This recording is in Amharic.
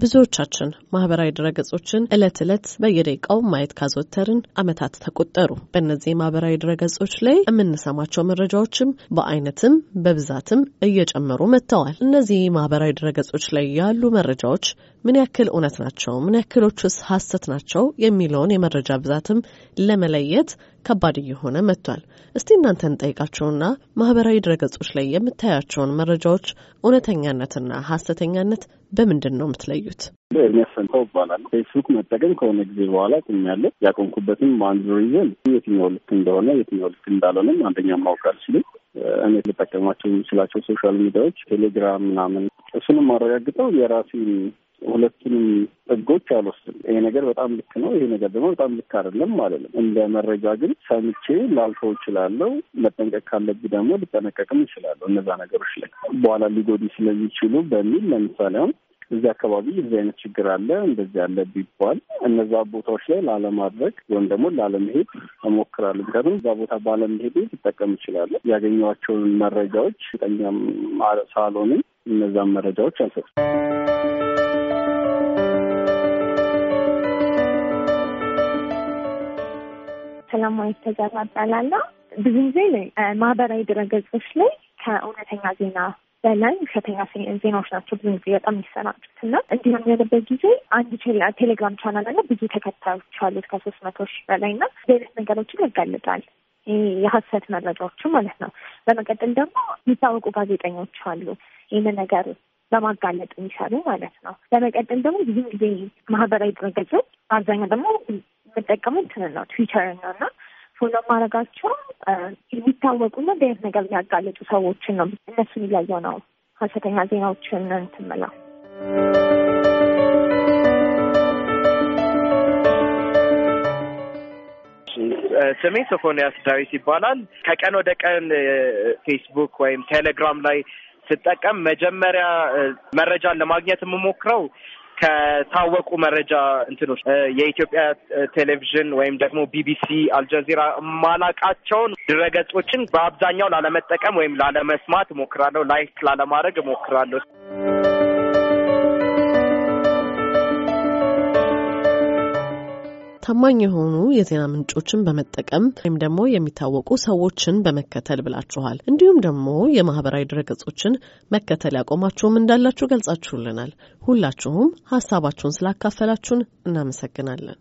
ብዙዎቻችን ማህበራዊ ድረገጾችን እለት እለት በየደቂቃው ማየት ካዘወተርን አመታት ተቆጠሩ። በእነዚህ ማህበራዊ ድረገጾች ላይ የምንሰማቸው መረጃዎችም በአይነትም በብዛትም እየጨመሩ መጥተዋል። እነዚህ ማህበራዊ ድረገጾች ላይ ያሉ መረጃዎች ምን ያክል እውነት ናቸው፣ ምን ያክሎቹስ ሀሰት ናቸው የሚለውን የመረጃ ብዛትም ለመለየት ከባድ እየሆነ መጥቷል። እስቲ እናንተን ጠይቃቸውና ማህበራዊ ድረገጾች ላይ የምታያቸውን መረጃዎች እውነተኛነትና ሀሰተኛነት በምንድን ነው የምትለዩት? የሚያሰንተው ይባላል። ፌስቡክ መጠቀም ከሆነ ጊዜ በኋላ ቆሚያለሁ። ያቆምኩበትም አንዱ ሪዝን የትኛው ልክ እንደሆነ የትኛው ልክ እንዳልሆነም አንደኛ ማወቅ አልችልም። እኔ ልጠቀማቸው የምችላቸው ሶሻል ሚዲያዎች ቴሌግራም ምናምን፣ እሱንም አረጋግጠው የራሴን ሁለቱንም ጥጎች አልወስድም። ይሄ ነገር በጣም ልክ ነው፣ ይሄ ነገር ደግሞ በጣም ልክ አይደለም አይደለም። እንደ መረጃ ግን ሰምቼ ላልፈው እችላለሁ። መጠንቀቅ ካለብኝ ደግሞ ልጠነቀቅም እችላለሁ። እነዛ ነገሮች ላይ በኋላ ሊጎዱ ስለሚችሉ በሚል ለምሳሌ አሁን እዚህ አካባቢ እዚህ አይነት ችግር አለ እንደዚህ አለ ቢባል እነዛ ቦታዎች ላይ ላለማድረግ ወይም ደግሞ ላለመሄድ እሞክራለሁ። ምክንያቱም እዛ ቦታ ባለመሄድ ልጠቀም እችላለሁ። ያገኘኋቸውን መረጃዎች ጠኛም ሳልሆንም እነዛን መረጃዎች አልሰጥም። ሰላማዊት ተዘራ እባላለሁ። ብዙ ጊዜ ማህበራዊ ድረገጾች ላይ ከእውነተኛ ዜና በላይ ውሸተኛ ዜናዎች ናቸው ብዙ ጊዜ በጣም የሚሰራጩት እና እንዲህ የሚሆንበት ጊዜ አንድ ቴሌግራም ቻናል አለ ብዙ ተከታዮች አሉት ከሶስት መቶ ሺህ በላይ እና ሌሎች ነገሮችን ያጋልጣል። የሀሰት መረጃዎችን ማለት ነው። በመቀጠል ደግሞ የሚታወቁ ጋዜጠኞች አሉ ይህን ነገር በማጋለጥ የሚሰሩ ማለት ነው። በመቀጠል ደግሞ ብዙ ጊዜ ማህበራዊ ድረገጾች አብዛኛው ደግሞ የምንጠቀመው እንትን ነው ትዊተር ነው እና ፎሎ ማድረጋቸው የሚታወቁና በየት ነገር የሚያጋልጡ ሰዎችን ነው። እነሱን እያየሁ ነው ሀሰተኛ ዜናዎችን እንትን የምለው። ስሜ ሶፎንያስ ዳዊት ይባላል። ከቀን ወደ ቀን ፌስቡክ ወይም ቴሌግራም ላይ ስጠቀም መጀመሪያ መረጃን ለማግኘት የምሞክረው ከታወቁ መረጃ እንትኖች የኢትዮጵያ ቴሌቪዥን ወይም ደግሞ ቢቢሲ፣ አልጀዚራ ማላቃቸውን ድረገጾችን በአብዛኛው ላለመጠቀም ወይም ላለመስማት እሞክራለሁ። ላይክ ላለማድረግ እሞክራለሁ። ታማኝ የሆኑ የዜና ምንጮችን በመጠቀም ወይም ደግሞ የሚታወቁ ሰዎችን በመከተል ብላችኋል። እንዲሁም ደግሞ የማህበራዊ ድረገጾችን መከተል ያቆማችሁም እንዳላችሁ ገልጻችሁልናል። ሁላችሁም ሀሳባችሁን ስላካፈላችሁን እናመሰግናለን።